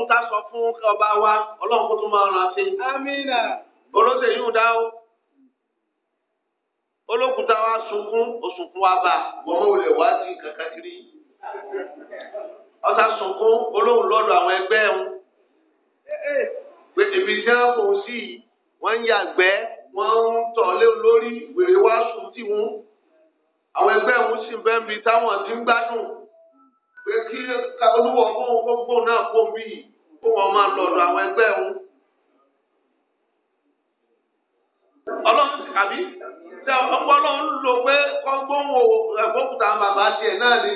kún ká sọ fún ọba wa ọlọ́run kó tún máa ràn sí. amínà. olóṣèlú yóò dá o olókùúta wa sunkún osunkún wa bá wọn ò lè wá sí kankan kiri ọta sunkún olóhùn lọ́dọ̀ àwọn ẹgbẹ́ ń pé èmi tí wọn kò sí wọn ń yàgbẹ́ wọn ń tọ̀ lé lórí wèrè wá sùn tí wọn àwọn ẹgbẹ́ ń sì bẹ́ẹ̀ mi táwọn ti ń gbádùn pé kí olúwọ̀ fún gbogbo náà kó bí kó wọn máa lọ ọ̀dọ̀ àwọn ẹgbẹ́ òun. ọlọ́run sì kàbí ṣe ọ̀pọ̀ ọlọ́run lò pé kọ́gbọ́n wo ẹ̀fọ́kùtà bàbá tiẹ̀ náà ni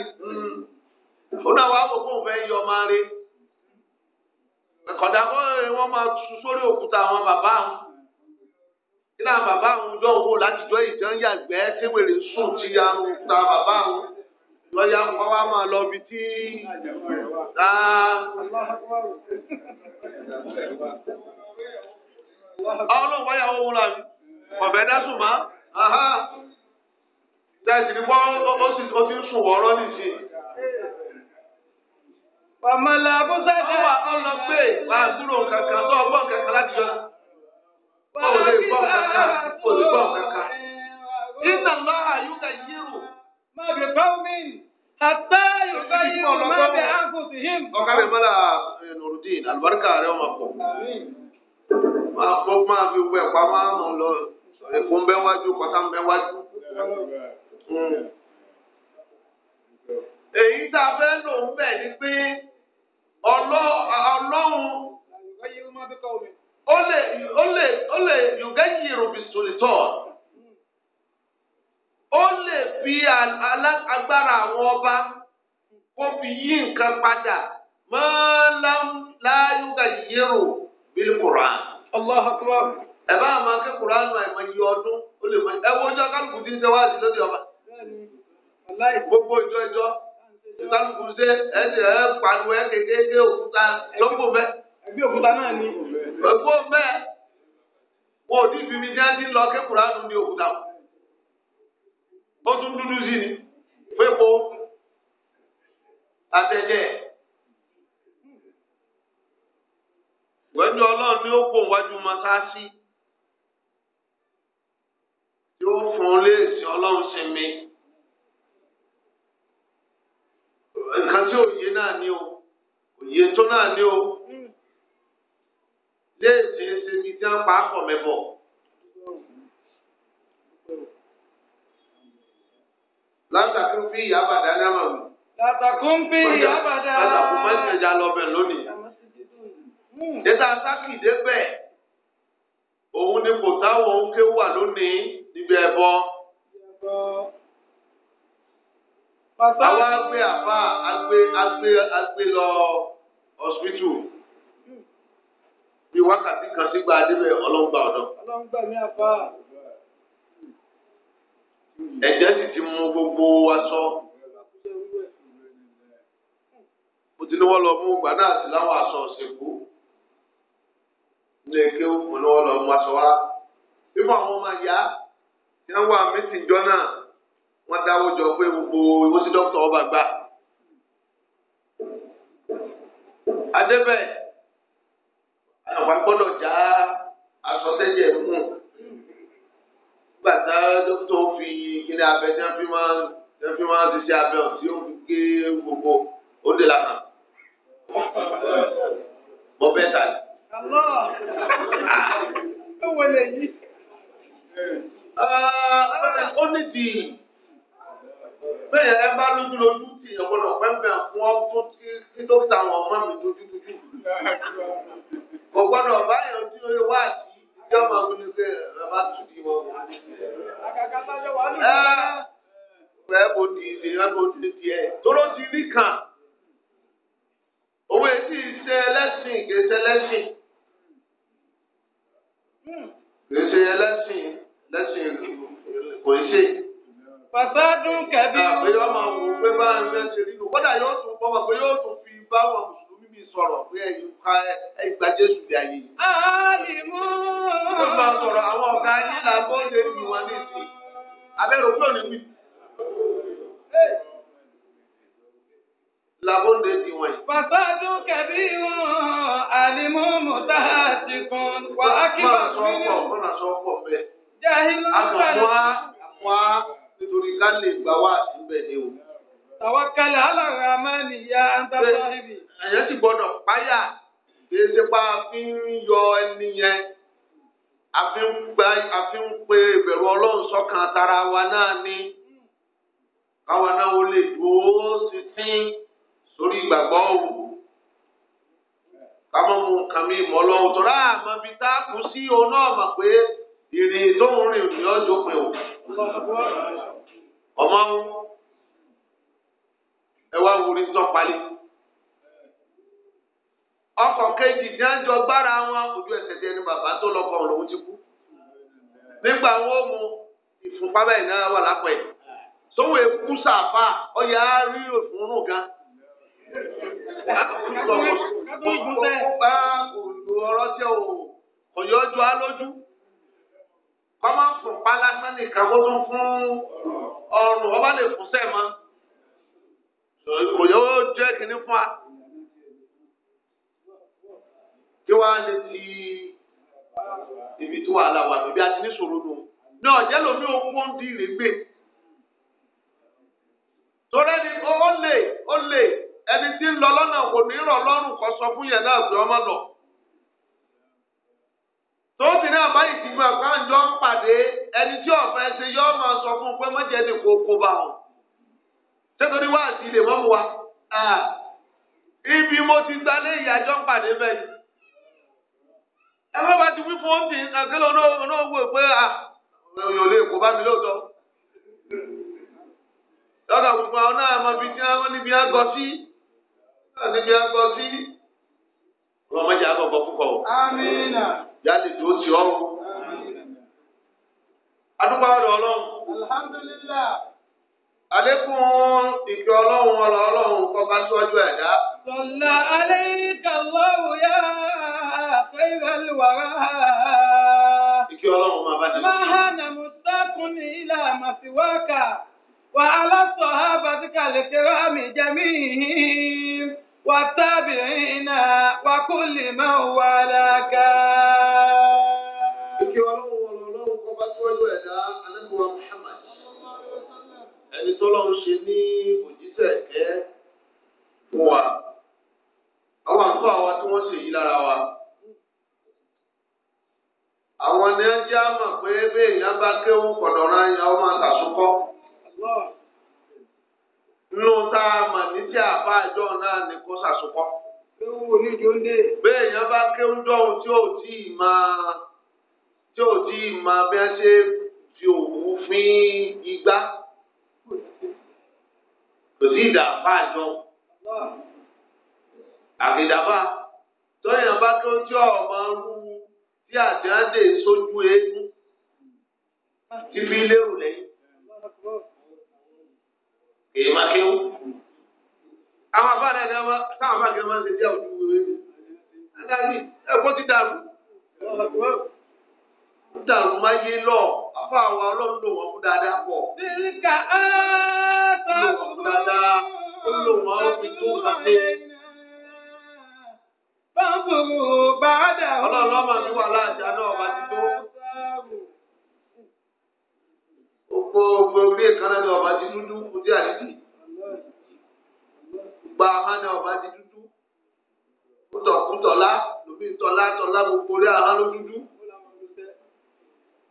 òun náà wàá wò fún òun fẹ́ yọ ọmọ rẹ̀ kọ̀dà kọ́ wọn máa tu sórí òkúta àwọn bàbá àwọn nínú àwọn bàbá àwọn ọjọ́ òun láti jọ ìjọ ń yàgbẹ́ kéwèrè sùn ti ya òkúta bàbá àwọn lọ́yà wọn wá máa lọ bí tí dá. ọlọ́run wáyà owó wúra mi ọ̀bẹ dásùn má. tẹ̀sí ni wọ́n ó ti ń sùn wọ́ọ́rọ́ nìsí. Pàmòlà Abúsá fẹ́ wà ọlọ́gbẹ́ làásùrò kankan tó ọgbọ́n kankan láti jọ. Ó lè gbọ́n kankan, ó lè kankan. Iná lọ́hà yóò yírù. Ma bẹ báwọmí àtá yorùbá ma wọn má bẹ àǹkóṣì him. ọkà rẹ mọ́ra nurudin alibarika rẹ ọmọ pọ̀ máa pọ̀ máa fi wẹ̀ pa máa mọ̀ lọ èkó ń bẹ wájú kọ́tà ń bẹ wájú. èyí hmm. tá a fẹ́ lò ń bẹ̀ ni pé ọlọ́run ó lè ó lè ó lè yùgẹ́jì rògbìsòlítọ́ọ̀. ó lè fi agbára àwọn ọba kó fi yí nǹkan padà mọ́láyúgà yẹ̀rò bíi Qur'an. Allahu Akbar. ẹ bá àwọn akẹ́kọ̀ọ́ Qur'an nù àìmọ̀ ọdún ó lè mọ ẹ wo ọjọ́ kálukú ti ń ṣe wáàsí lóde ọba. gbogbo ìjọ ìjọ kálukú ṣe ẹ ti ẹ ẹ òkúta lọ́gbọ̀n òkúta náà ni. ẹgbẹ́ òkúta mẹ́. ò ní ìfimi jẹ́ ti lọ akẹ́kọ̀ọ́ òkúta wọn. ó tún dúdú sí ni fẹ́po àtẹ̀jẹ́ wẹ́jú ọlọ́run ni ó kó wájú mọ́sáàsì tí ó fún un léèsì ọlọ́run sinmi nǹkan tí òye náà ní o òye tó náà ní o hmm. léèsì sinmi tí wọ́n pa á pọ̀ mẹ́bọ̀. látàkùn fi ìyá bàdá ní àmàmù. látàkùn fi ìyá bàdá. látàkùn máa ń tẹja lọ bẹ lónìí. Hmm. dẹ́ta sákìdé bẹ́ẹ̀ òun ni kò táwọn òun ké wà lónìí níbi ẹ̀bọ. àwa gbé àbá agbé agbé agbé lọ hospital hmm. bí wákàtí kan sígbà débẹ̀ ọlọ́ngbà ọ̀dọ́. ọlọ́ngbà mi àbá ẹ̀jẹ̀ sì ti mú gbogbo aṣọ. mo ti ní wọ́n lọ mú gbà náà sí láwọn aṣọ òṣèkú ní eke mo ní wọ́n lọ mú aṣọ wa. nínú àwọn ọmọ ìyá tí wọ́n wà mítìjọ́ náà wọ́n dáwọ́ jọ pé gbogbo ìwé sí dókítà ọba gbà. adébẹ̀ àwọn àgbàgbọ́dọ̀ já aṣọ sẹ́jẹ̀ fún un gbàtà dókítà ó fi kíní abẹ tí wọn fi máa tí wọn fi máa ti ṣe abẹ ọ̀hún tí ó fi gé gbogbo ó dé la kàn. mo bẹ ta ni. ó wọlé yìí. ó ní di bẹ́ẹ̀ ẹ bá lójú lójú tí ọ̀pọ̀lọpọ̀ pẹ́ńpẹ́ fún ọ tó kí dókítà wọn mọ́ mi dójúdójú. kò gbọ́dọ̀ báyọ̀ tí ó yẹ wá sí tí ọmọ ọdún ní sẹ bàbá tù dì wọn. ẹ ẹ mo di ìdè ẹ mo di ìdè ẹ tóró ti rí kàn òun èsì ṣe ẹlẹ́sìn ìgbésẹ̀ ẹlẹ́sìn ìgbésẹ̀ ẹlẹ́sìn ẹlẹ́sìn kò ṣe. Fàṣádùn kẹ̀bí. Àpè ah, yóò máa wò pé bá ń fẹ́ ṣe nínú. Kódà yóò tún bọ́ bọ̀ pé yóò tún fi bá wọn mi sọ̀rọ̀ pé ẹ̀yin ká ẹgbà Jésù bí ayé yìí. Àlìmú. Ó máa sọ̀rọ̀ àwọn ọ̀gá yín là bó ṣe wọn ní ìsìn. Abẹ́rẹ́ òkúrò ní wí. Làbóde di wọ̀nyí. Fàṣájú kẹ̀bí wọn, àlìmú mọ̀tá ti kún. Wà á kí wọ́n sọ pọ̀, wọ́n náà sọ pọ̀ bẹ́ẹ̀. Jẹ́ ìlú ọ̀gá. Àtọ̀wá, àmọ́ nítorí ká lè gbà wá síbẹ̀ ni o tàwákálẹ̀ aláràmánì ya antasahibi. ẹ̀yẹ́ ti gbọ́dọ̀ páyà èsì pa àfi ń yọ ẹni yẹn àfi ń gba àfi ń pe ìbẹ̀rù ọlọ́run sọ́kàn tara wa náà ni káwa náà ó lè dúró sí sí sórí ìgbàgbọ́ òwò kámọ́ mu nǹkan mi mọ́ lọ́wọ́ tó rà mọ́ bí tá a kú sí òun náà mọ̀ pé ìrìn tó ń rìn ní ọjọ́ pé o ọmọ ń ẹ wá wo orin tó palẹ̀. ọkọ̀ kejì ní àjọ gbára wọn ojú ẹsẹ̀ tí ẹni bàbá tó lọ́kọ̀ ọ̀run ti kú. nígbà wọn ó mu ìfúnpá bẹ́ẹ̀ náà wà lápẹ̀. sówó ekú sàfà ọyà á rí òfurufú gan. ọ̀rọ̀ tí ò yọjú á lójú kọ́mọ́ fún pálásán nìkan kó tún fún ọrùn ọba lè fún sẹ́ẹ̀ mọ́ kò yóò jẹ́ kínní fún wa kí wàá lè ti ibi tí wàhálà wà níbi àti níṣòro nù náà jẹ́ lómi òkú ń di ìrègbè torí ni ó lè ó lè ẹni tí ń lọ lọ́nà kò ní rọ̀ lọ́rùn kó sọ fún yẹn náà pé ọmọ lọ tóbi náà báyìí ti gbọ́ àgbáǹjọ ń pàdé ẹni tí ọ̀fẹ́ ṣe yọ ọ́ máa sọ fún un pé mọ́jẹ́ ni kò kó bá wọn. sẹ́tọ́ni wá àti ilé wọ́n mú wa ibi mo ti gbalé ìyájọ́ pàdé bẹ́ẹ̀ ẹ bá ti wí fún oúnjẹ àgbélé olówó pé à òyò lè kó bá mi lóòótọ́ lọ́dọ̀ gbogbo àwọn náà mọ ibi tí wọ́n níbi àgọ́ sí àlékún ìfẹ́ ọlọ́run ọlọ́run ya khayral wara. Ìfẹ́ ọlọ́run máa bá dẹ̀. Máa nà mùsákùn ní ilà màsíwákà. Wà aláṣọ àbátíkà lè kéré ẹni tọ́lọ́ ń ṣe ní òjíṣẹ́ ẹ̀kẹ́ tí wọ́n ṣe yí lára wa. àwọn ni ẹ jẹ́ pé béèyàn bá kéwù kọ̀dọ̀rọ̀ ẹ̀yàn ọmọ àtàsúkọ́. nínú tá a mọ̀ ní tí àbá àjọ náà ni kó bá kéwù tí ò tí ì tí ò tí ì máa ṣe fi òwú fín igbá. kò sí ìdàpá àjọ àfìdàpá tọ́yìn bá tó jẹ́ ọmọ rú tí àjáde sójú eégún tí fi lérò lẹ́yìn èyí máa kéwù. àwọn afáàlẹ̀ ẹ̀dá wa táwọn afáàlẹ̀ máa ń ṣe díẹ̀ ojú wọlé mi. adájú ẹ̀kọ́ ti dàrú. dàrú máa yé lọ́ọ̀ afọ àwọn ọlọ́run lò wọ́n fún dáadáa pọ̀. Bíríkà á sọ fún mi. Ó lò wọ́n ó fi tún kàdé. Bábùrù bá dà ó. Ọlọ́run ọmọ mi wà láàjà náà bá ti tó. Gbogbo gbogbo orí ìkànnà ni ọba ti dúdú kú dí àdídì. Gba ahọ́n ọba ti dúdú. Kútọ̀kútọ̀lá lómi tọ́lá tọ́lá gbogbo orí ahọ́n ló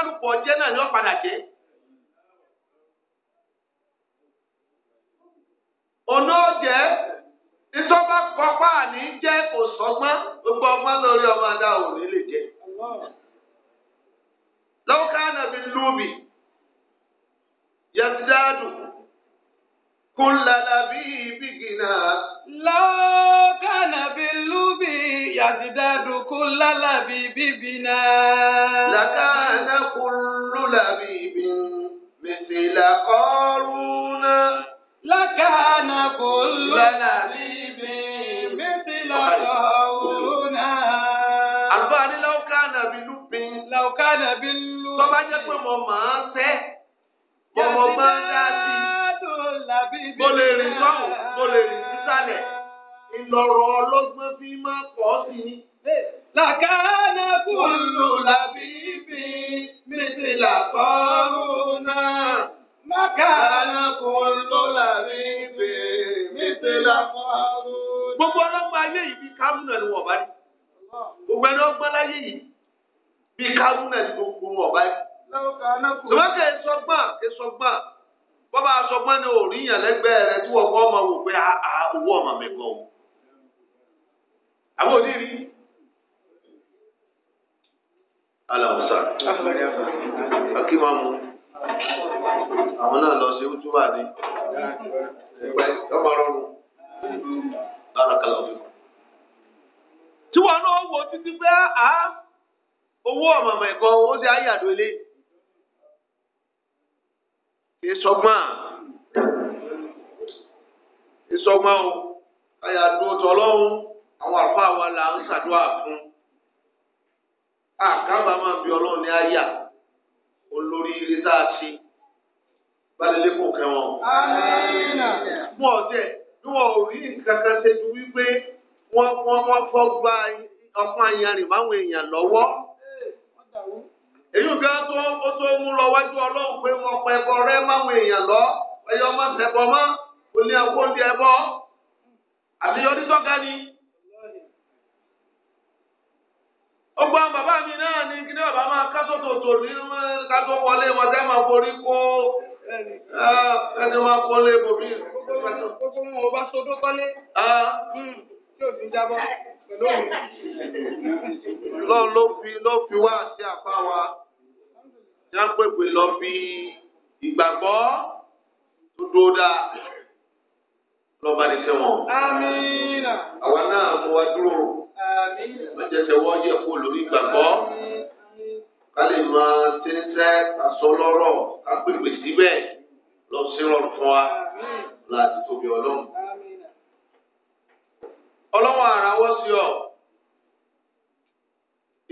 kálukú ọjẹ́ náà ni wọ́n padà jẹ́. ọ̀nà ọ̀jẹ́ ìtọ́ba kọ́pá ní jẹ́ kò sọ́gbọ́n gbogbo ọgbọ́n lórí ọmọ adá òní lè jẹ́. lọ́kà nàbí lùbì yàtìdáàdù kùnlàlàbí bìgìnà. lọ́kà nàbí lùbì. يزداد كل لبيبنا لكان كل لبيب مثل قارون لكان كل لبيب مثل قارون àlùfáà ni لو كان بلب لو كان بلب tó bá jẹ́ pé mo máa ń mo mọ̀ máa sọ́hùn mo lè rìn sísàlẹ̀ ìlọ̀rọ̀ ọlọ́gbọ́n fi máa pọ̀ sí ni. Làkàlà kúlù làbíbí méjì làkọ́ náà. Làkàlà kúlù làbíbí méjì làkọ́ náà. Gbogbo ọlọ́gbọ́n ayé yìí bí Kámúnà ni wọ́n bá rí. Gbogbo ẹni láyé yìí bí Kámúnà ni gbogbo bá rí. Lọ́kà ẹ sọgbọ́n ẹ sọgbọ́n bọ́bá sọgbọ́n ni òríyàn lẹ́gbẹ̀ẹ́ rẹ̀ tí wọ́n kọ́ ọmọ wò pé àwọ̀ ọmọ mi gan o. àbò oníri. alamsa akimamu àwọn náà lọ sí utuba ni ọ kala tí wọn náà wò títí pé a owó ọmọọmọ ayàdó o ayàdó àwọn àfa wa là ń ṣàdúrà fún àkàbà máa bí ọlọ́run ní àyà olórí ilé tá a ṣe balẹ̀lẹ́ kò kẹwọn. mú ọjẹ́ bí wọn ò rí nǹkan kan ṣe ju wípé wọ́n wọ́n wọ́n fọ́ gba ọkàn ayanrìn máwọn èèyàn lọ́wọ́. èyí gan tó ó tó mú lọ wájú ọlọ́run pé wọ́n pẹ́ bọ́ rẹ́ máwọn èèyàn lọ ẹ̀yọ́ máa fẹ́ bọ́ mọ́ kò ní ẹ̀kọ́ ní ẹ̀bọ́ àbíyọ́dí tọ́ka ni. ọgbà bàbá mi náà ní kí ní bàbá máa kásọ̀ tòótò ní kásọ̀ wọlé wọn tẹ́ máa forí kó ẹsẹ̀ máa kọ́lé bòmí. gbogbo wọn bá sodó kọ́lé. Hmm, tí ò ní jábọ́ pẹ̀lú òun. lọ́ọ̀ ló fi ló fi wá àti àpá wa yá lọ fi ìgbàgbọ́ tó dáa lọ́ba ní sẹ́wọ̀n. àmín. náà mo wá dúró. Mọ̀jẹ̀sẹ̀ wọ́n yẹ kó lórí gbàgbọ́. Ká lè máa tẹ́tẹ́ àsọlọ́rọ̀ ká pèpè síbẹ̀ lọ sí rọrùn fún wa láti tóbi ọlọ́run. Ọlọ́wọ́ ara wọ́ sí ọ.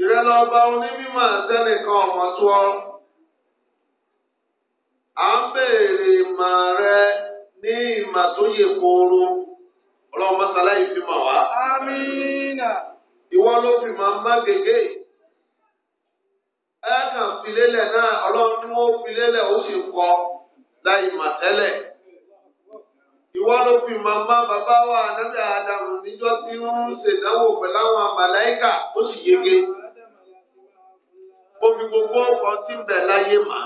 Ìrẹ́lọ́ba onímọ̀ sẹ́nìkan ọmọ tó ọ. À ń béèrè ìmọ̀ rẹ ní ìmọ̀ tó yẹ kóró ọlọ́run mọ́sálá yìí fi mọ̀ wá. amínà. ìwọ ló fi máa má gègé. ẹ kàn filélẹ̀ náà ọlọ́run tí wọ́n filélẹ̀ ó sì kọ́ láì mà tẹ́lẹ̀. ìwọ ló fi máa má bàbá wa ànábì àdàmù níjọ́ tí ń ṣèdánwò pẹ̀lú àwọn àmàláìkà ó sì yege. ó fi gbogbo ọkọ̀ tí ń bẹ̀ láyé mà.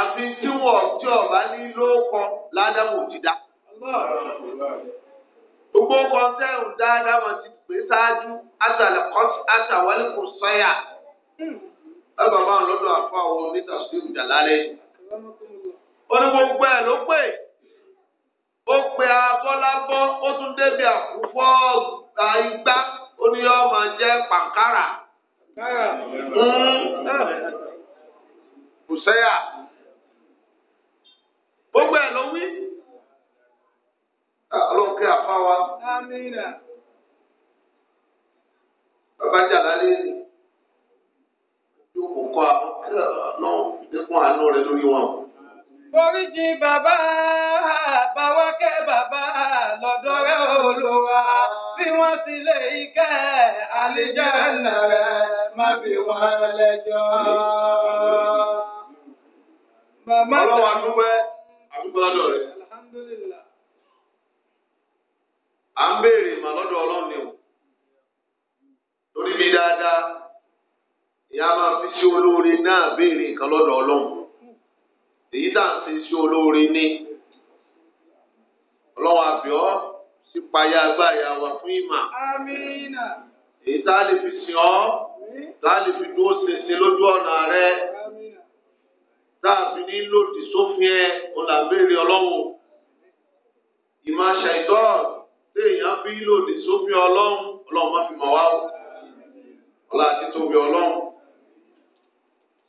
àfi tí wọn tí ọba ní ló kọ ládàmù ti dá gbogbo kọnsẹ́rù dáadáa máa ti pè ṣáájú aṣàwálìkù sọ́yà ẹ bàbá àwọn lọ́dọ̀ àfọ àwọn onítàṣírí ìdàlálẹ́ ó ní gbogbo ẹ̀ ló pè ó pe abọ́lábọ́ ó tún débi àkúfọ́ igbá ó ní yọ́ máa jẹ́ pàǹkárà kùsẹ́yà. fún wa. Amina. Bàbá Jàlá lè ní. Yóò kó kọ́ àná nípò àánú rẹ̀ lórí wọn. Foríjì bàbá bàwa kẹ́ bàbá lọ́dọ̀ rẹ̀ Olúwa bí wọ́n ti lè kẹ́ àlìjáná rẹ̀ má fi wọ́n lẹ́jọ́. Bàbá Jàlá. Ọlọ́wà dúpẹ́ àdúgbò lọ́dọ̀ rẹ̀. à ń béèrè ìmọ̀ lọ́dọ̀ ọlọ́run ni o lórí bí dáadáa ìyá máa fi ṣe olóore náà béèrè nǹkan lọ́dọ̀ ọlọ́run èyí tá à ń ṣe ṣe olóore ní ọlọ́run àbíọ́ sí payá agbáyà wa fún ìmọ̀ èyí tá a lè fi sìn ọ́ tá a lè fi dúró ṣinṣin lójú ọ̀nà rẹ tá a fi ní lòdì sófin ẹ ọ̀là béèrè ọlọ́run ìmọ̀ ṣàìtọ́ọ̀. tí èèyàn bí lòdì sófin ọlọ́run ọlọ́run má fi mọ̀ wá o ọlá àti tóbi ọlọ́run.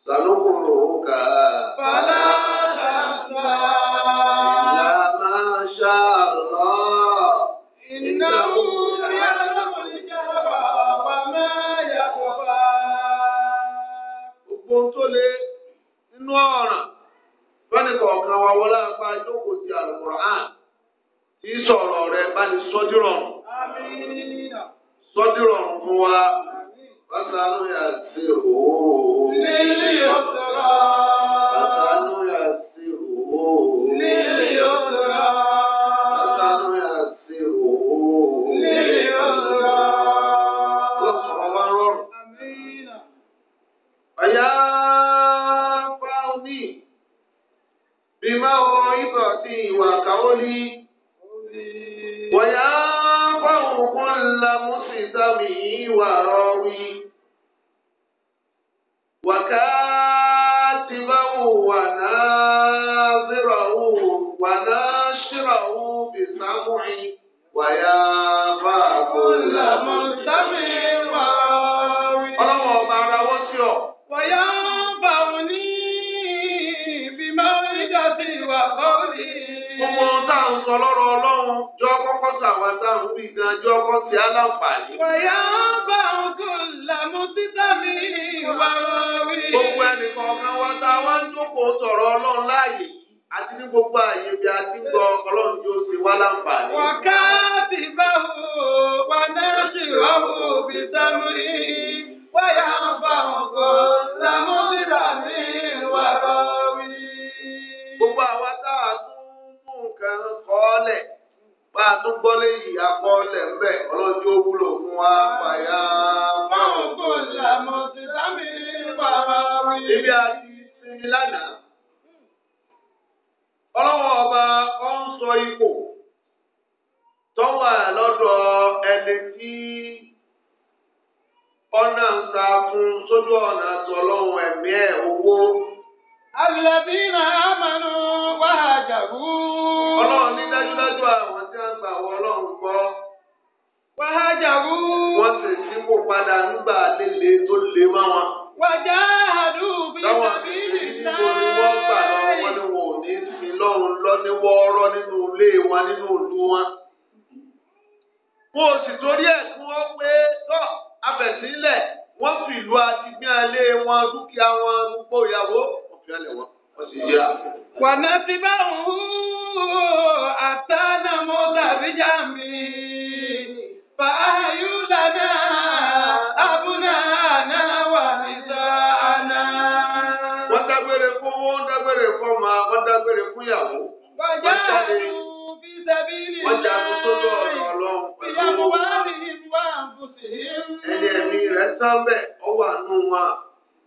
sanukuru ka. bàlá àgbà. ìyá máa ṣá lọ. ìnáwó bí aláwọ̀ ìjọba wà máa yàgò bá. gbogbo tó lé nínú ọ̀ràn fẹ́nìkọ̀ọ̀kan wa wọlé apá ìjókòó ti àlùkùránì sọ̀rọ̀. bá ní sọ́jú rọrùn. Sọ́jú rọrùn fún wa. Bàtà ló yà sí òwò. Nílé ọ̀sán. ganjú ọkọ tí a láǹfààní. Wọ̀yá bá òkú làmú títà mi wà orí. Gbogbo ẹnìkan kan wá tá a wá ń jókòó sọ̀rọ̀ ọlọ́run láàyè àti ní gbogbo àyè bí a ti ń gbọ́ ọlọ́run yóò ṣe wá láǹfààní. Wọ̀ká ti wà náà ṣì wá bí sámú ọlọ́jọ́ wúlò fún wa fàyà. Báwo kò ṣàmùsí sámi bàbá wí? Ibi àti. فنتبعه حتى نموت بجنبه فأحيوا لنا أبناءنا ونساءنا wọ́n dágbére fún wọ́n dágbére fún ọmọ wọ́n dágbére fún ìyàwó. wọ́n jáde wọ́n jáde sójú ọ̀rọ̀ ọlọ́run pẹ̀lú wọn. ẹni ẹ̀mí rẹ̀ sábẹ̀ ọwọ́ àánú wọn.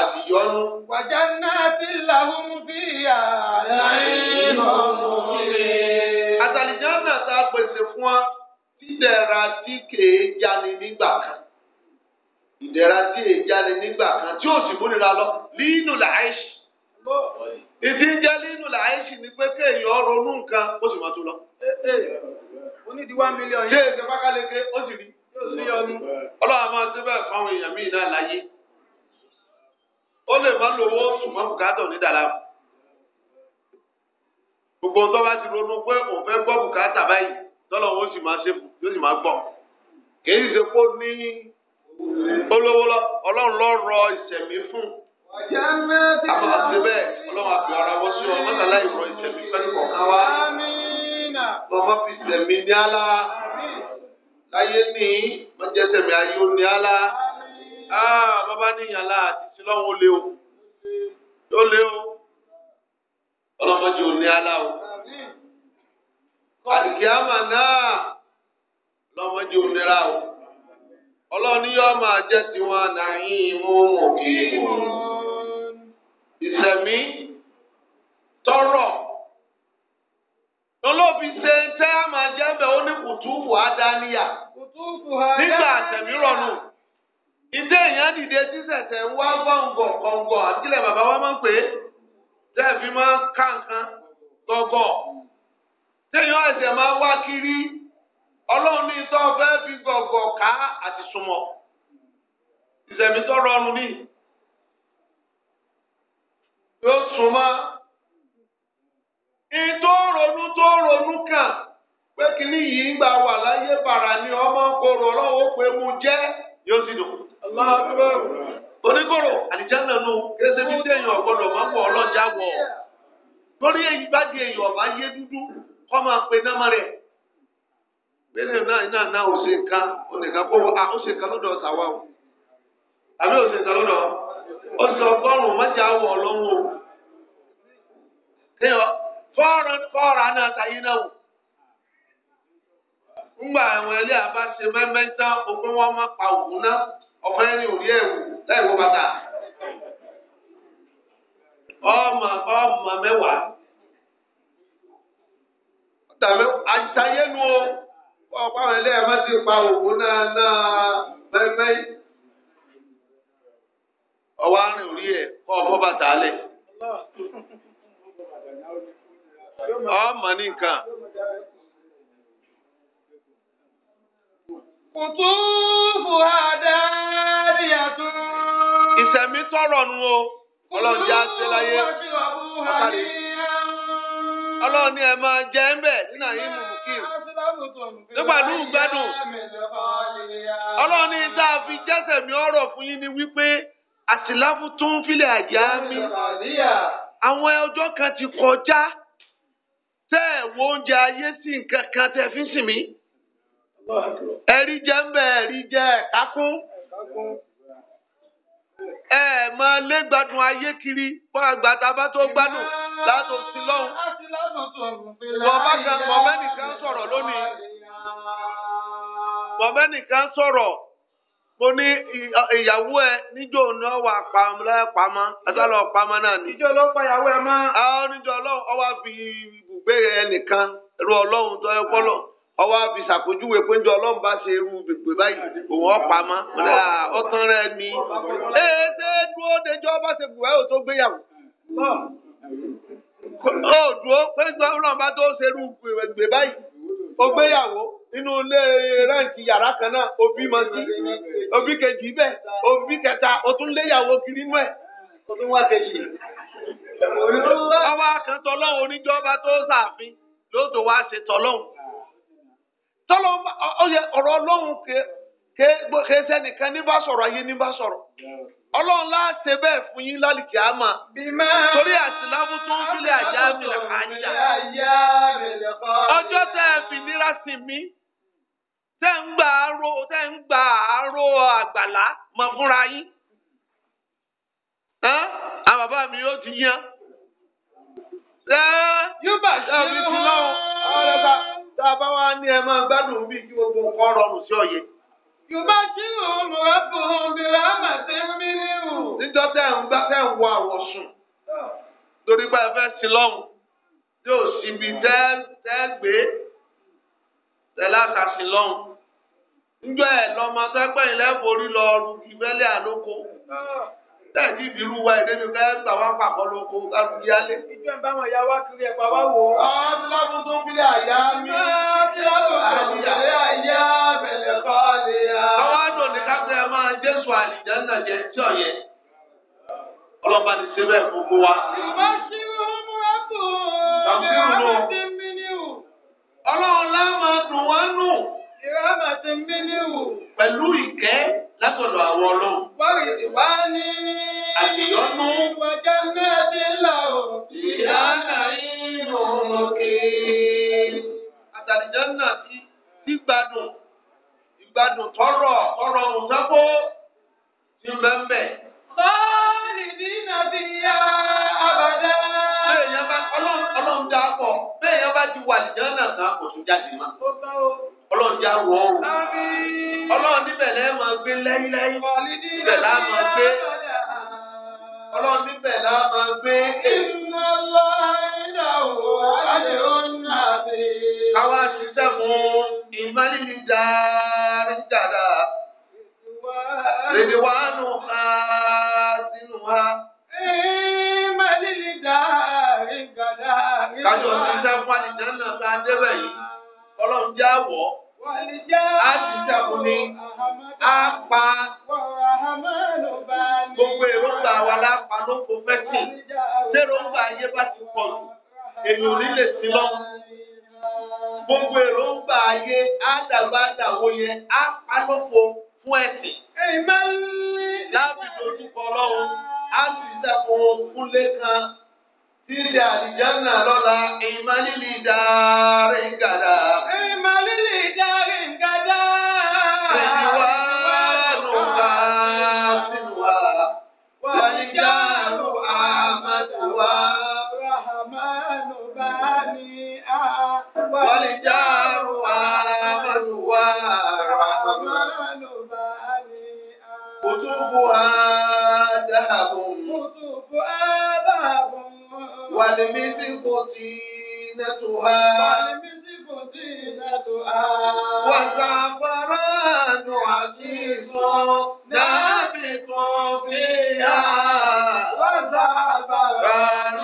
àti yọnu. wàjà náà ti làwọn fi yà lẹ́yìn ọ̀hún rí. àtàlìjà náà ta pèsè fún wa dídẹ̀ra tí kèé jáni nígbà kan ìdẹ̀ra tí èé jáni nígbà kan tí ó sì múnira lọ líínú làáìsì. ìdí ń jẹ́ líínú làáìsì ni pé kéèyàn ronú nǹkan ó sì máa tún lọ. ó one million yìí. ṣé èsè pákáleke ó sì rí. ọlọ́run máa ń ṣe bẹ́ẹ̀ fáwọn èèyàn míì náà láyé ó lè má lo owó ṣùgbọ́n bùkátà onídàlá gbogbo ohun tó bá ti ronú pé òun fẹ́ gbọ́ bùkátà báyìí tọ́lọ̀ wọn ó sì máa ṣe yóò sì máa gbọ́ kìí ṣe kó ní olówó lọ ọlọ́run lọ rọ ìṣẹ̀mí fún àmọ́ àti bẹ́ẹ̀ ọlọ́run àbí ara wọ́n sí ọ mọ́tàlá ìrọ ìṣẹ̀mí fẹ́ẹ́ kọ̀ọ̀kan wá lọ́mọ fi ṣẹ̀mí ní àlá láyé ní mọ́jẹ́sẹ̀mí ayé ó ní àlá ah, bàbá níyàn láti lọ́wọ́ ó lé o ó lé o ọlọ́mọdé ò ní aláwo kọ́ọ̀dìkì àmà náà lọ́mọdé ò nira o ọlọ́ọ̀ni yóò máa jẹ́ tiwọn nàáyìn ìmúhùn kí ìsẹ̀mí tọrọ olóbi ṣe ń tẹ́ àmà jẹ́ ó ní kùtùkù àdáníyà nígbà àtẹ̀mí rọ̀nù. ìdé èèyàn dìde sísẹ̀sẹ̀ ń wá gbọ̀ǹgọ̀ kọ̀ǹgọ̀ bàbá wa máa ń pè é tẹ́ẹ̀fì máa ń ká nǹkan gọ̀gọ̀ téèyàn máa wá kiri ọlọrun ní ìtọ́ fẹ́ fi gọ̀gọ̀ ká àti súnmọ́ ìsẹ̀mí tó rọrùn ní yóò mọ ìtò ronú tó ronú kàn pé ń gbà wà láyé bàrà ni ọmọ kòrò pé jẹ́ yóò sì dùn. oníkòrò àdìjánà nu kése bí déèyàn ọgbọdọ máa ń wọ ọlọjà wọ lórí èyí bá di èyàn ọba yé dúdú kọ máa pe námà rẹ bẹ́ẹ̀ni náà iná náà ò ṣe nǹkan ò nìkan kó ó ṣe nǹkan o àbí ṣe nǹkan ó ṣe mọjà wọ o kéèyàn náà àwọn ọmọ ẹni ò rí ẹ̀wù láì wọ bàtà ọmọ ọmọ mẹ́wàá tàbí o ọ̀pọ̀ àwọn ẹlẹ́yà ti pa òkú náà náà mẹ́mẹ́yì ọwọ́ orí ẹ kọ ọmọ bàtà lẹ̀ ọmọ ní nǹkan. Kùtùbùhà dáríyàtú. Ìsẹ̀mí tọrọ nu o, ọlọ́run jẹ́ àṣẹ láyé. Ọlọ́run ni ẹ máa jẹ ń bẹ̀ nínú àyè mùmùkì. Nígbàdú gbádùn. Ọlọ́run ní tá a fi jẹ́sẹ̀ mi ọ̀rọ̀ fún yín ni wípé àtìláfù tún fílẹ̀ àjá mi. Àwọn ọjọ́ kan ti kọjá. Tẹ́ ẹ̀ wo oúnjẹ ayé sí nǹkan kan tẹ́ fi ń sìn mí. ẹ̀rí jẹ́ ń bẹ̀ ẹ̀rí jẹ́ ẹ̀kákún ẹ máa lé ayé kiri fún agbata bá tó gbádùn látò sí lọ́hùn. bọ̀bá kan lónìí mo ní ìyàwó ẹ ní náà ni. ìyàwó ẹ àwọn oníjọ ibùgbé ẹnìkan ọwọ́ fi ṣàpèjúwe pé njẹ́ ọlọ́run bá ṣe irú pèpè báyìí òun ọ̀pamọ́ ọ̀tán rẹ ni ee ṣé e dúró dejọ́ bá ṣe bùbá yóò tó gbéyàwó ó dúró pé njẹ́ ọlọ́run bá tó ṣe irú pèpè báyìí ó gbéyàwó nínú ilé rẹ́ǹtì yàrá kan náà òbí mọ sí òbí kejì bẹ́ẹ̀ òbí kẹta ó tún léyàwó kiri inú ẹ̀ ó tún wá kejì. ọwọ́ akẹ́tọ̀ ọlọ́run oníjọba tó ṣàfin lóòótọ́ wá ṣe tọ́lọ́run tọ́lọ́ ọ̀yẹ ọ̀rọ̀ ọlọ́run kèé sẹ́nìkan ní bá sọ̀rọ̀ ayé ní bá sọ̀rọ̀ ọlọ́run láti bẹ́ẹ̀ fún yín lálìkí àmà torí àtìlámú tó ń fílẹ̀ àyà mi àyà ọjọ́ tẹ́ ẹ fi nira sí mi tẹ́ ń gbà àárò tẹ́ ń gbà àárò àgbàlá mọ̀ fúnra yín àwọn bàbá mi yóò ti yan. yóò bá ṣe é hàn ọ́ lọ́ba tá a bá wá ní ẹ máa gbádùn bí kí gbogbo nǹkan rọrùn sí ọ̀yẹ́. yorùbá kí òun mọ̀ ẹ́ fún mi láàmà sí mi níhù. níjọ́ tẹ́ ń gbá tẹ́ ń wọ àwọ̀sùn torí pé ẹ fẹ́ sí lọ́hùn yóò síbi tẹ́ tẹ́ gbé tẹ́ látàsí lọ́hùn. níjọ́ ẹ̀ lọ́mọ sẹ́pẹ̀yìn lẹ́fọ̀ọ́ orí lọ rúbi mẹ́lẹ́ àlóko tẹ̀lé ìbírú wa ẹ̀dẹ́ mi fẹ́ gbà wá pàpọ̀ lóko láti fi alẹ́. ìjọ ń bá wọn ya wá kiri ẹ̀pà wá wò. ọlọ́run tó ń fi àyà mi. tí ó lò àyà àyà bẹ̀lẹ̀ kọ́ lè ya. àwọn àdùn ní káfíń ẹ máa jésù àlìjẹ́ náà jẹ́ tí ò yẹ. ọlọ́ba ti ṣe bẹ́ẹ̀ gbogbo wa. ìbá ṣí ọmọ ẹ̀kọ́ ọ̀gbìn ọ̀rọ̀ ọlọ́run lá látọ̀dọ̀ àwọn ọlọ́run. Wọ́n ti wá ní. Àṣeyọ́nú. Wọ́jà náà ti là ó. Ìyáàlá inú òkè. Àtàlìjọ́ náà ti dígbádùn. Ìgbádùn tọrọ tọrọ òǹtàkó ti mẹ́mẹ́. Bọ́ọ̀lì ní Nàbíyá Abàdá. Bẹ́ẹ̀ yẹn bá ọlọ́run dá pọ̀. Bẹ́ẹ̀ yẹn bá ti wà lìjọ́ náà kan kò tún jáde mọ́. Ọlọ́run já wọ̀ ọ́. Àmín ọlọ́run níbẹ̀ lẹ́ẹ̀ máa gbé lẹ́yìnlẹ́yìn níbẹ̀ láà máa gbé ọlọ́run níbẹ̀ láà máa gbé. iná lọ iná wò ayé ó nà mí. káwá ṣiṣẹ́ mu ìmọ̀lẹ́ni járe jára lèdè wàá nù ha sínú ha. ìmọ̀lẹ́ni járe jára. kájọ ṣiṣẹ́ fún àlìjẹ́ náà ká débẹ̀ yìí ọlọ́run jẹ́ àwọ̀. wàlìjẹ́ dàbò ni á pa gbogbo èròǹgbà wa lápá ló kó fẹ́sì tẹ́rọ̀ǹgbà ayé bá ti pọ̀ jù èyí ò ní lè sí lọ́wọ́ gbogbo èròǹgbà ayé á dàgbà yẹn á pa lóko fún ẹ̀sìn. láti dojúkọ lọ́wọ́ á sì dàpọ̀ kúlé kan títí àdìjánà lọ́la ìmọ̀lélì dáa rẹ̀ gàdá. ìmọ̀lélì dáa. الجار آمنوا الرحمن قطوفها ذهب قطوفها ذهب والمسك زينتها والمسك زينتها وزعفران عزيز نابت فيها وزعفران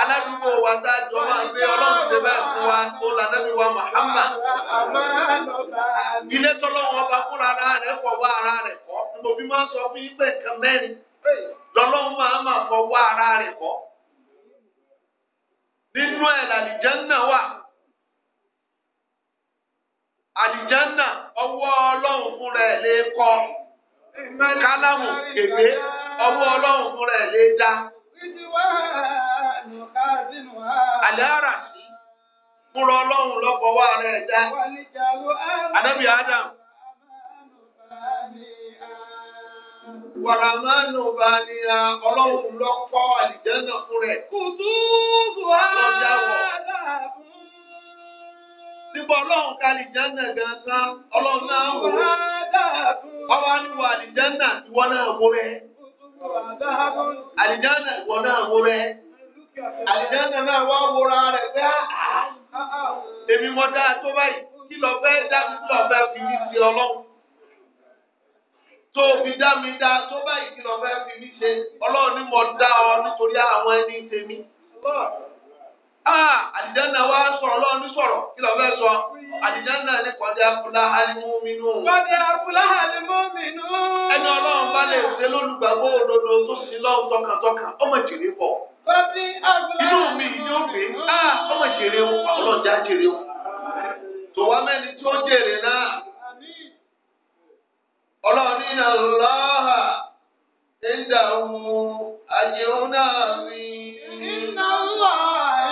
aládùúgbò wa tá a jọ máa gbé ọlọ́run ṣe bẹ́ẹ̀ fún wa tó lànàbí wa Muhammad. ilé tọ́lọ́wọ́n ọba fúnra ara rẹ̀ fọ̀ wá ara rẹ̀ kọ́ máa sọ fún yín pé lọ́lọ́run máa wá ara rẹ̀ kọ́. nínú ẹ̀ wà ọwọ́ ọlọ́run lè kọ́ kálámù ọwọ́ ọlọ́run lè dá. Àlẹ́ àrà sí. Múra ọlọ́run lọ́pọ̀ wá rẹ̀ dá. Ànábì Adam. Wàràmánù bá ní a ọlọ́run lọ́pọ̀ àlìjẹ́nà fún rẹ̀. Kùtùkù aláàbò. Níbo ọlọ́run ká àlìjẹ́nà gan-an ọlọ́run náà wò ó. Ọwọ́ ni wà àlìjẹ́nà ìwọ náà wò rẹ̀. Àlìjẹ́nà ìwọ náà wò rẹ̀. àlìjáde náà wá wòra rẹ̀ pé ah, ah, ah, èmi mọ dáa tó báyìí kí lọ fẹ́ dá mi lọ fẹ́ fi mí ṣe ọlọ́run tó fi dá mi tó báyìí kí lọ fẹ́ fi ṣe ọlọ́run ni mo dá ọ nítorí àwọn ẹni tèmi. Àdìjánà wa sọ̀rọ̀ ní sọ̀rọ̀ kí lọ sọ. Ẹni ọlọ́run bá lè ṣe lólùgbàgbọ́ òdodo tó tọkàntọkàn, ọmọ inú mi yóò gbé á ọmọ ìṣeré o ọlọ́jà jèrè o tòwá mẹ́ni tí ó jèrè náà ọlọ́ọ̀ni àlọ́hà ẹ̀dá òun àjẹun náà rí. iná lọ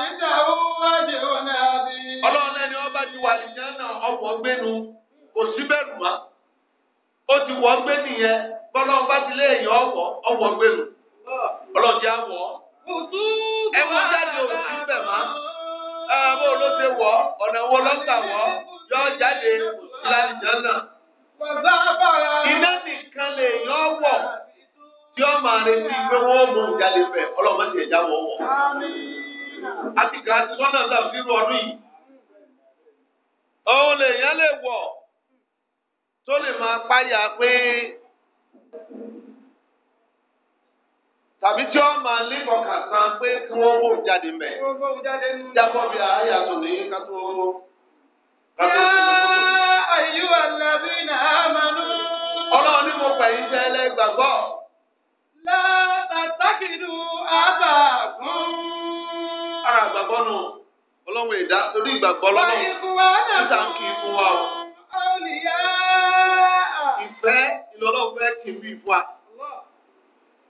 ẹ̀dá òun àjẹun náà rí. ọlọ́ọ̀ni ẹni ọba ti wà nìyá náà ọwọ́ gbénu kò sí bẹ̀rù mọ́ ó ti wọ́ gbé nìyẹn bọ́lá ọba ti ẹ̀wọ̀n jáde òun sí bẹ̀ mọ́ ẹ̀wọ̀n bó ló ṣe ọ̀nà wo lọ́gbà wọ̀ yọ jáde láti jọ́nà. iná nìkan lè yọ wọ̀ tí ó máa retí pé wọ́n mú un jáde bẹ̀ ọlọ́mọ ti ẹ̀já wọ̀ wọ̀. àti gàdí sọ́nà náà fi ọdún yìí. òun lèèyàn lè wọ̀ tó lè máa páyà pé. tàbí tí wọ́n máa pé kí wọ́n wò jáde mẹ́. jábọ̀ bí ayé àtúndì kátó. yá ayú alábí nà ọlọ́run ní mo ẹlẹ́gbàgbọ́. látàkìdù àbà fún. ara àgbàgbọ́ nù ọlọ́run ìdá torí ìgbàgbọ́ o. ìfẹ́ ìlọ́lọ́fẹ́ kì í bí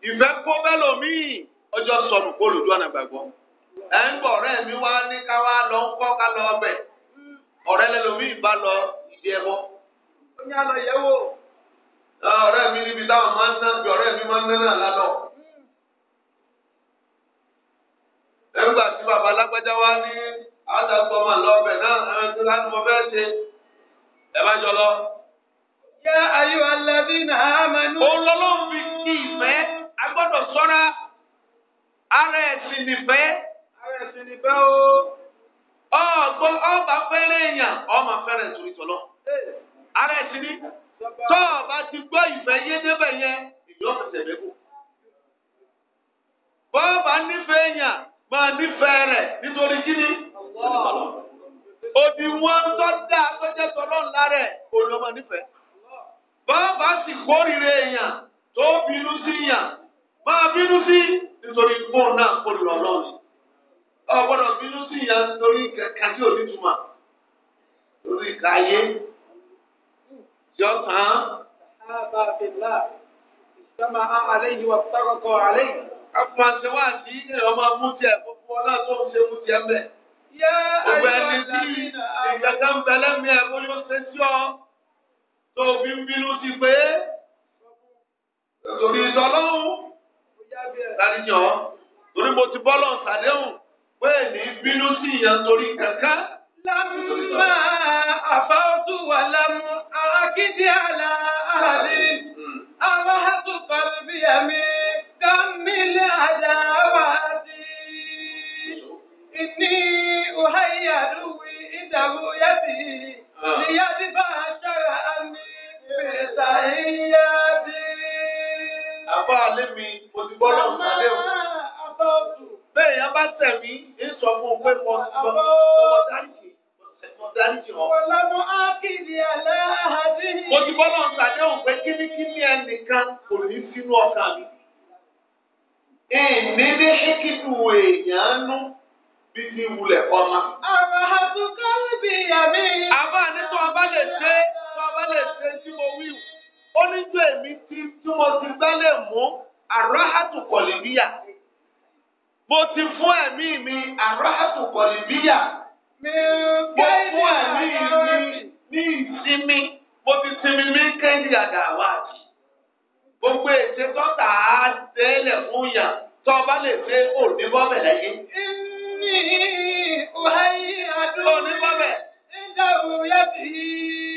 ìfẹ́ kó bẹ́lòmíì ọjọ́ sọnù kó lójú ọ̀nà ẹ ń bọ̀ mi wá ní ká lọ ń kọ́ ká lọ ọbẹ̀ ọ̀rẹ́ lẹ́lòmíì bá lọ ìdí ẹbọ. ó ní àlọ́ ọ̀rẹ́ mi níbi táwọn máa ń ná bí ọ̀rẹ́ mi máa ń ná náà lálọ́. tí bàbá alágbájá wá ní náà tó láti mọ fẹ́ ṣe bá jọ lọ. a gbọ́dọ̀ sọ́ra ara ẹ̀sìn nìfẹ́ ara ẹ̀sìn nìfẹ́ o ọgbọ ọba fẹ́rẹ̀ èèyàn ọmọ fẹ́rẹ̀ nítorí tọ́lọ́ ara ẹ̀sìn ní tọ́ ọba ti gbọ́ ìfẹ́ yé débẹ̀ yẹn ìyọ́ fẹsẹ̀ mẹ́kù bọ́ọ̀bà nífẹ̀ẹ́ èèyàn máa nífẹ̀ẹ́ rẹ̀ nítorí kíni òbí wọn tó dáa tó jẹ́ tọ́lọ́ ńlá rẹ̀ òun ló máa nífẹ̀ẹ́ bọ́ọ̀bà sì kórìíra èèyàn tó bínú sí èèyàn máa bínú sí nítorí bóun náà kórìíra ọlọ́run ọ gbọ́dọ̀ bínú sí ìyá nítorí kẹ̀kẹ́ tí ò ní túmọ̀ lórí ìkàyé yọ tán. sábà fìlà ìsámà àlẹ́yìn wà sákọ̀kọ̀ àlẹ́yìn. àfúnàṣe wà sí èèyàn máa mú tiẹ̀ gbogbo ọlá tó ń ṣe mú tiẹ̀ mẹ́. Ògbẹ́ ẹni tí ìjọba ń bẹ lẹ́mìí ẹ̀ bóyá ó ṣe sí ọ tó fi bínú sí pé. Ètò ìtọ́lọ́hún láríyàn ọ́ torí mo ti bọ́lọ̀ ṣàdéhùn pé ní bínú sí ìyẹn torí kankan. lámà àfáwọ́tù wà lámú àkíndí àlà àlè àwọn àtúfà bíyàmí kámílẹ̀ àdáwà sí ìní òháyà lùwì ìdààmú yàtì ìyá tí bá a ṣára àmì ìrẹsà ìyá tí àbá alẹ́ mi mo ti gbọ́ lọ́wọ́ sálẹ̀ o. bẹ́ẹ̀ yẹn bá tẹ̀ mí ń sọ fún un pé mo dáríjì mo dáríjì wọn. ọlọ́mọ ákìlì aláhàdí. mo ti gbọ́ lọ́wọ́ sálẹ̀ o pé kíníkíní ẹnìkan kò ní sínú ọkàn mi. ìní ní kíkìtù èèyàn nú bí ní wulẹ̀ ọmọ. ọ̀rọ̀ àtúkọ́ níbi ìyàmí. àbá ní tó a bá lè ṣe tó a bá lè ṣe tí mo wí wù ó ní èmi tí tí mo ti gbálẹ̀ mú àráhàtù kọ̀lìbíyà mo ti fún ẹ̀mí mi àráhàtù kọ̀lìbíyà mo fún ẹ̀mí mi ní ìsinmi mo ti sinmi ní kẹ́ndì àdàwà gbogbo ètè tọ́ta á délẹ̀ fún yàn tó o bá lè ṣe òní bọ́bẹ̀ lẹ́yìn. ní ìwáyé àdúgbò ní ń dàrú yẹ́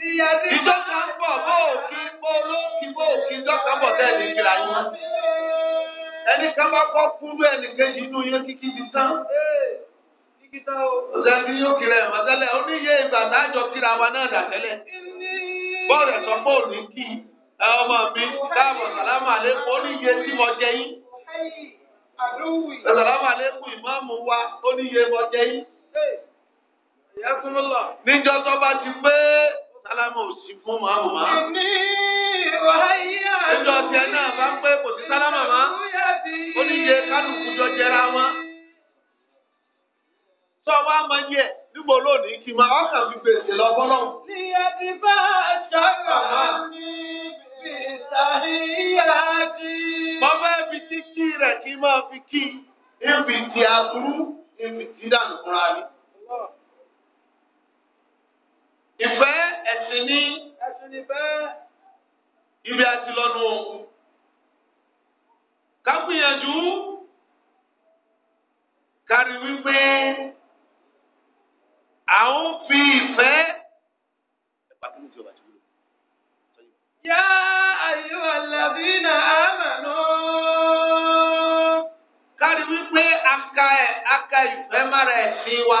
ìjọ kan bọ̀ bó òkì bó lóòkì bó òkì ìjọ kan bọ̀ tẹ́ ẹ̀lì kìlà yín ẹni kan bá kọ́ kúrú ẹnì kejì inú yẹn kíkí ti tán ọ̀sẹ̀ tí yóò kiri ẹ̀ mọ́tẹ́lẹ̀ oníyẹ ìgbà tájọ kíra wa náà dàtẹ́lẹ̀ bọ́ọ̀lù ẹ̀sọ́ bọ́ọ̀lù ní kí ẹ ọmọ mi káàbọ̀ sàlámù àlékún oníyẹ tí mo jẹ yín sàlámù àlékún ìmáàmù wa oníyẹ mo jẹ yín níjọ́ tó bá ti pé sálámà ò sí fún màmú má. èmi wáyà mi. ẹjọ́ tiẹ̀ náà bá ń pẹ́ kò sí sálámà má. ó ní yẹ kálukú jọ jẹra wọn. sọ wá máa yẹ nígbò lónìí kí n máa ọkàn fi gbèsè lọ bọ́lọ́. ní ẹbí bá ṣàkàrà ní ìsàhíyá di. mo fẹ́ fi kíkí rẹ̀ kí n máa fi kí. ibi tí a burú ibi tí dànù fúnra mi ìfẹ́ ẹ̀sìn ní ẹ̀sìn ní bẹ́ẹ̀ ibi àti lọ́nu ká gbìyànjú kárí wípé à ń fi ìfẹ́. Yá ayé ọ̀làbí náà àmàlú. Kárí wípé aka ìfẹ́ mára ẹ̀sìn wa.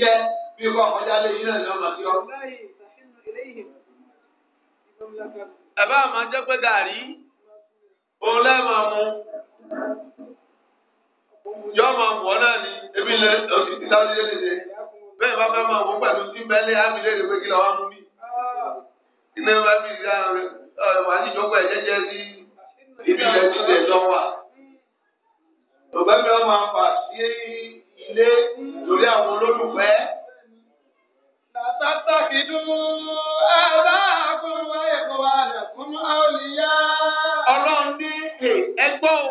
jẹ́ bí kò kọjá lé yín náà ní ọmọ kí ọ. Ẹ̀bá máa jẹ́ pé gàrí òun lẹ́ẹ̀ máa mu. Yọ máa wọ̀ náà ni ebi lẹ ìtàlẹ́ lè ṣe. Bẹ́ẹ̀ bá fẹ́ máa wọ pẹ̀lú tí mẹ́lẹ́ ámìlẹ́ rẹ̀ pé kí lọ́wọ́ mú mi. Ilé wa bí ìyá rẹ̀ wà ní ìjókòó ẹ̀ sí ibi ilẹ̀ tó tẹ̀ lọ́wọ́. Òbẹ́mi ọmọ àpà sí lé lórí àwọn olólùfẹ́. Tàtàtà kìdùn ẹ̀rọ àkùnrin wáyé kò wà rẹ̀ fún àwòlíyá. Ọlọ́run ní ẹgbọ́ o.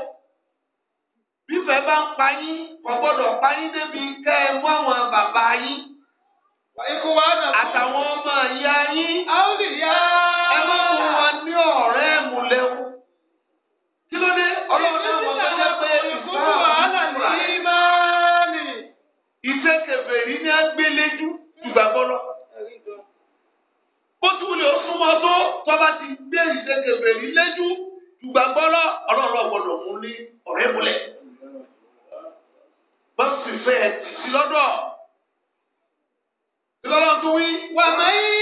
Bífẹ̀ bá ń pa yín, kò gbọ́dọ̀ pa yín débi kẹ́ ẹ mú àwọn bàbá yín. Ikú wa nà fún. Àtàwọn ọmọ ìyá yín. Àwòlíyá. Ẹ má fún wọn ní ọ̀rẹ́. iṣẹ́ kèfèrí ní agbéléjú ìgbàgbọ́ lọ. bó tún lè súnmọ́ tó tọ́ba ti gbé iṣẹ́ kèfèrí léjú ìgbàgbọ́ lọ ọlọ́run ọ̀gbọ̀dọ̀ mú ní ọ̀rẹ́ múlẹ̀. bọ́sì fẹ́ẹ̀ tì sí lọ́dọ̀. ìlọ́lọ́ tún wí wà mẹ́yìn.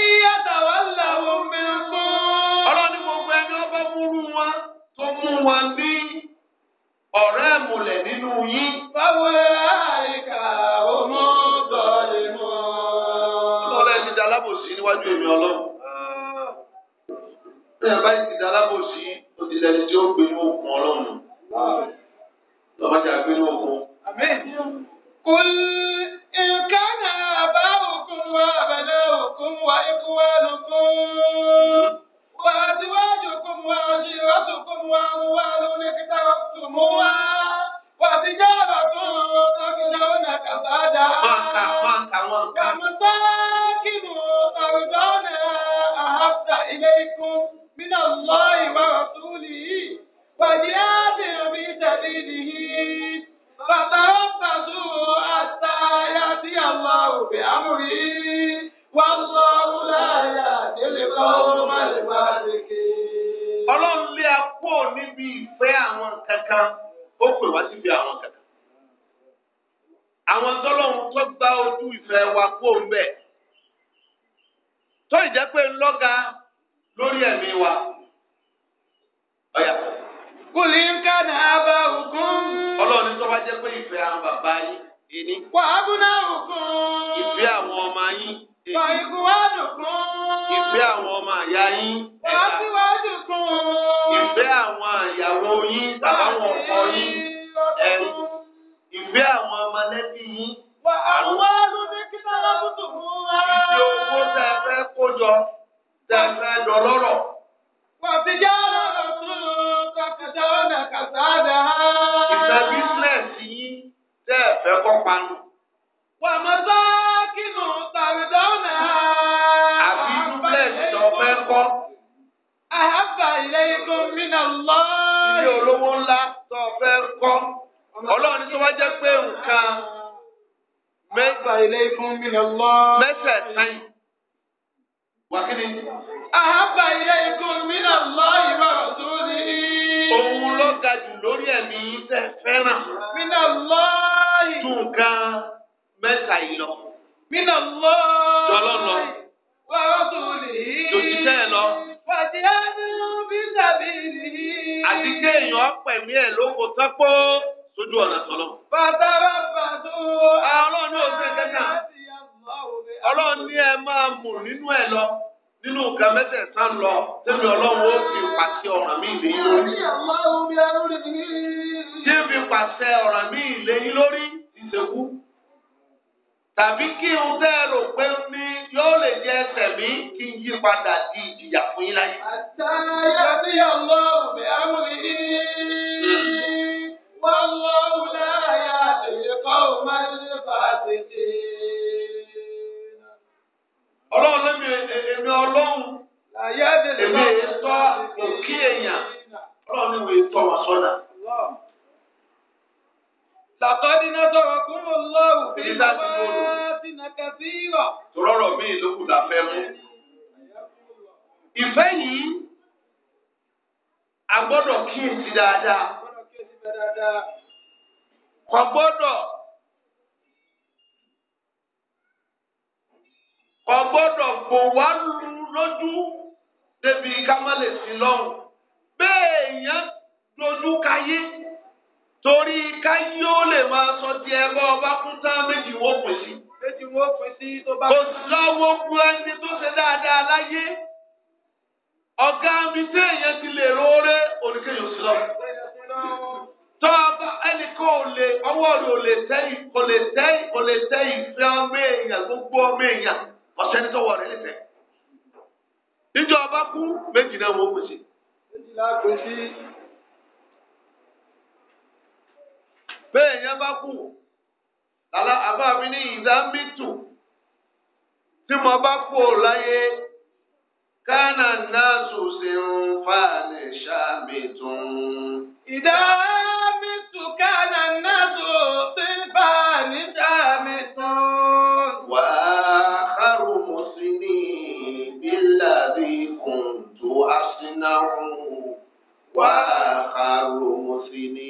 òfin ọlọ́run. Ṣé àbá yìí ti da alábòsí ó ti lẹni tí ó gbé ní òkun ọlọ́run? Bàbá ti àgbé ní òkun. Kul in kana aba'ukum wa abna'ukum wa ikhwanukum wa azwajukum wa ashiratukum wa Ìfẹ́ àwọn ọmọ àyà yín. Ìfẹ́ àwọn àyàwó yín tàbáwọn ọkọ yín. Ìfẹ́ àwọn ọmọlẹ́bí yín. Àwọn olùdí kíkọ́ lọ́kùtù fún wa. Ìfẹ́ owó tẹ fẹ́ kó jọ tẹ fẹ́ lọ lọ́rọ̀. Wàtíjára ọ̀tún kàkàtà ọ̀nà kàtàdà. Ìfẹ́ bísíǹnẹ̀sì yín tẹ́ ẹ̀fẹ́ kọ́ panu. Wàmọ́tọ́. Allah. ilé olówó ńlá tó o fẹ́ kọ́ ọlọ́run tó wá jẹ́ pé nǹkan mẹ́ta ilé ikún mi Allah. mẹ́tẹ̀ẹ̀ta yìí. wákìlì. àhábà ilé ikún mi Allah ìwà ọ̀tún ni. òun ló ga jù lórí ẹ̀mí tẹ̀ fẹ́ràn. mi náà lọ́ọ́ yìí. tún nǹkan mẹ́ta yìí lọ. mi náà lọ́ọ́ jọlọ́ lọ. wàá tó lè jòjì tẹ́ ẹ lọ fàdíhánú bí sàbìlì. àti jẹ́ èèyàn pẹ̀mí ẹ̀ lóko sápó sójú ọ̀nà tọ́lọ́. bàtàrà bàtò. ọlọ́run ní òfin kẹta ọlọ́run ní ẹ máa mú nínú ẹ lọ nínú nǹkan mẹ́tẹ̀ẹ̀ta lọ tẹ́mi ọlọ́run ó fi pàṣẹ ọ̀ràn mi lẹ́yìn lórí. tí ń fi pàṣẹ ọ̀ràn mi lẹ́yìn lórí ìṣèkú tàbí kí n tẹ́ rò pé ní yóò lè jẹ ẹsẹ̀ mi kí n yí padà di ìjìyà fún yín láyé. àtàyà sí ọlọ́run bí amúrí wọ́n lọ́wọ́ láyà àtẹ̀yẹ kọ́ ọ máa ń bá a tètè. ọlọ́run lẹ́mi èmi ọlọ́run èmi ètò òkè èèyàn ọlọ́run ni wọ́n ètò wọn لقد نصركم الله في مواطن كثيرة tòrọ̀rọ̀ míì ló kù la fẹ́ mú. ìfẹ́ yìí a gbọ́dọ̀ kíyèsí dáadáa kò gbọ́dọ̀ kò gbọ́dọ̀ gbò wá lójú débi ká má lè sin lọ́hùn bẹ́ẹ̀ yẹn dojú káyé torí káyé ó lè máa sọ di ẹgbẹ́ ọba kún tán méjì wọ́n pè sí. méjì wọ́n pè sí tó bá. kò sọ́wọ́ fún ẹni tó ṣe dáadáa láyé ọ̀gá mi tí èèyàn ti lè róore oníkéyìn ò sí lọ. tọ́ ọba ẹnìkan ò lè ọwọ́ rẹ̀ ò lè tẹ́yìn kò lè tẹ́yìn kò lè tẹ́yìn fẹ́ ọmọ èèyàn gbogbo ọmọ èèyàn ọ̀sẹ̀ ní tọ́wọ́ rẹ̀ lè tẹ̀. níjọba kú méjì náà wọ́n pè sí. méjì náà pè sí. bẹ́ẹ̀ yẹn bá kù lálá àbá mi ní ìdá mítù tí mo bá kú láyé kánà náà sòsè ń fa lè ṣàmì tún. ìdá mítù kánà náà sòsè ń fa lè ṣàmì tún. wà á kárò mọ́ sí ní bílàdì kùntù àṣìnáwó wà á kárò mọ́ sí ní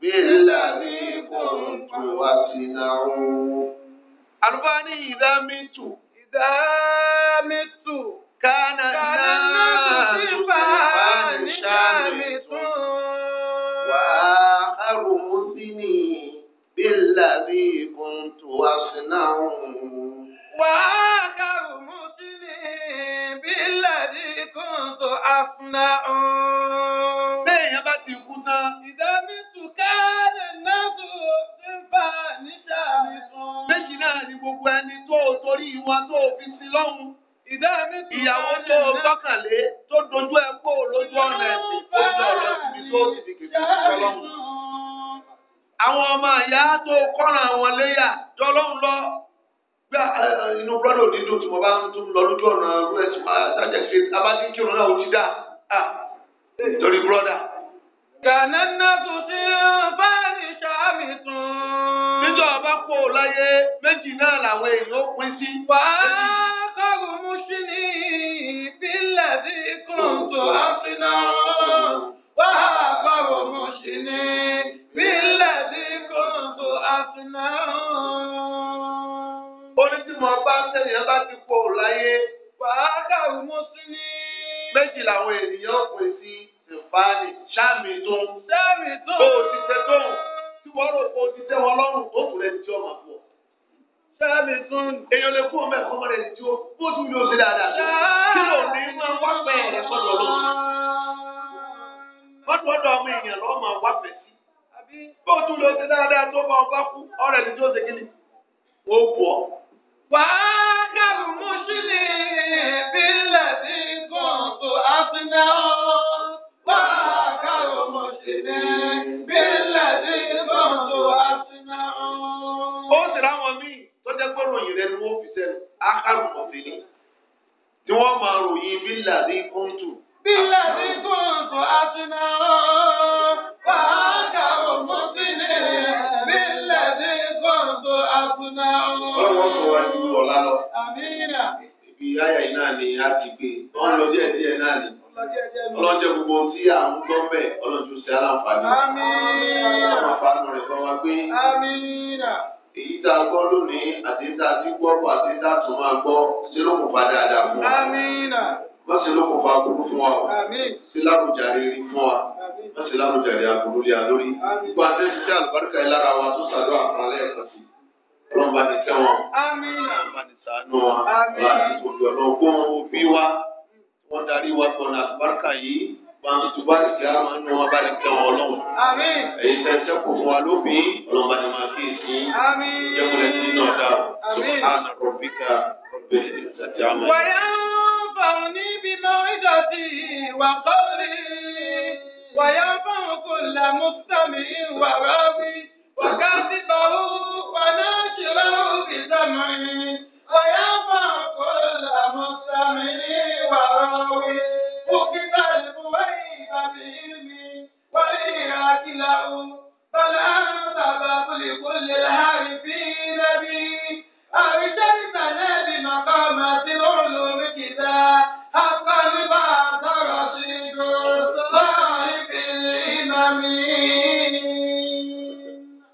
bíláàdì kòǹtù àtìnáwó. Àlùbáni ìdá mítù. Ìdá mítù. Kánà náà bá ni bíláàdì kòǹtù àtìnáwó. Wà á rò mú sí ni bíláàdì kòǹtù àtìnáwó. Bẹ́ẹ̀ yẹn bá ti kú tán. Ìdá méjì náà ni gbogbo ẹni tó o torí wọn tó o fi sí lọ́hùn. ìyàwó tó o gbọ́kànlé tó dojú ẹ kó o lójú ọ̀nà ẹ̀sìn tó jọ lọ síbi tó ti di àwọn ọmọ àyà tó kọ́ran àwọn léyà jọ lọ́hùn lọ gbà inú brọ́dọ̀ dídùn tí mo bá ń tún lọ lójú ọ̀nà ọ̀rọ̀ ẹ̀sìn máa ṣàjẹ́ ṣe abájú kírun náà ó ti dá torí brọ́dà. kànáńnà tuntun fẹ́ẹ́ ní sàmì tún bá kó o láyé méjì náà làwọn èèyàn ó pín sí. wàá kọ́gùn mú sí ní ìpínlẹ̀ tí kòǹtò àfinà. wàá kọ́gùn mú sí ní ìpínlẹ̀ tí kòǹtò àfinà. onídìmọ̀ bá tẹ̀yìn bá ti kó o láyé. wàá kọ́gùn mú sí ní. méjì làwọn ènìyàn ó pín sí. ìfani sáàmì tó. sáàmì tó. bó o ti tẹ tóun. wọ́n rò pé o ti tẹ́ wọn lọ́rùn ó tún rẹ̀ ti ọmọ àpò. tún èèyàn lè kú ọmọ ẹ̀kọ́ ọmọ rẹ̀ ti o, bó tún yóò ṣe dáadáa. Kí ló ní wá pẹ́ ẹ̀ ọmọ èèyàn máa wá sí. tún yóò ṣe dáadáa tó bá kú, ti ṣe Ó Wà á mú ráwọn míì tó jẹ́ pé ròyìn rẹ ni wọ́n fi sẹ́nu ákàrù mọ̀fìn ni tí wọ́n máa ròyìn bílà ní kóńtù. bílà ní kóńtù àti náà wà á kà ó mọ̀fìn ni bílà ní kóńtù àti náà. ọlọ́wọ́ sọ wá ju ọ̀la lọ. àmínà. ibi ayà yìí náà ni a ti gbé wọn díẹ̀ náà ni ọlọ́jọ́ gbogbo tí à ń gbọ́ bẹ́ẹ̀ ọlọ́jọ́ sí aláǹfààní. àmínà. ọlọ́mọ àfààní rẹ̀ kọ́ wa gbé. àmínà èyí tá a gbọ́ lónìí àti tá a ti gbọ́ pọ̀ àti tá a tún máa gbọ́ ṣé ló kò fa dáadáa fún wa. wọ́n ṣe ló kò fa aburú fún wa o. ṣé lábùjáde rí fún wa. wọ́n ṣe lábùjáde aburú lé a lórí. gbogbo àti ṣíṣe àlùbáríkà yìí lára wa tó ṣàdó àkànlẹ̀ ẹ̀kan sí. ọlọ́run bá ní kẹ́ wọn. ọlọ́run bá ní ṣàánú wa. ọlọ́run àti tòlú ọ̀nà ogún òbí wa. wọ́n darí wa sọ̀nà àlùbáríkà yìí bàmí tuba ti a máa ń nu wọn bá ní kẹwọn ọlọ́run. èyí tẹ sẹ́kù fún wa lóbìn ọlọ́run bá ní máa kí èsì jẹ́kulẹ̀ sí náà dá subhana rabbika rabbil izzati amma. wàyà fàwọn níbi máa ń dọ̀tí wà wàyà fàwọn kò là mùsàmì wà ráwí wàkàtìbà ó wà náà ṣẹlẹ̀ ó fi sàmì wàyà fàwọn kò là mùsàmì wà ráwí. وقت البويب بعلمي ولي أكله بل أنت باب لكل العارفين بي أرشدتنا لمقامات العلو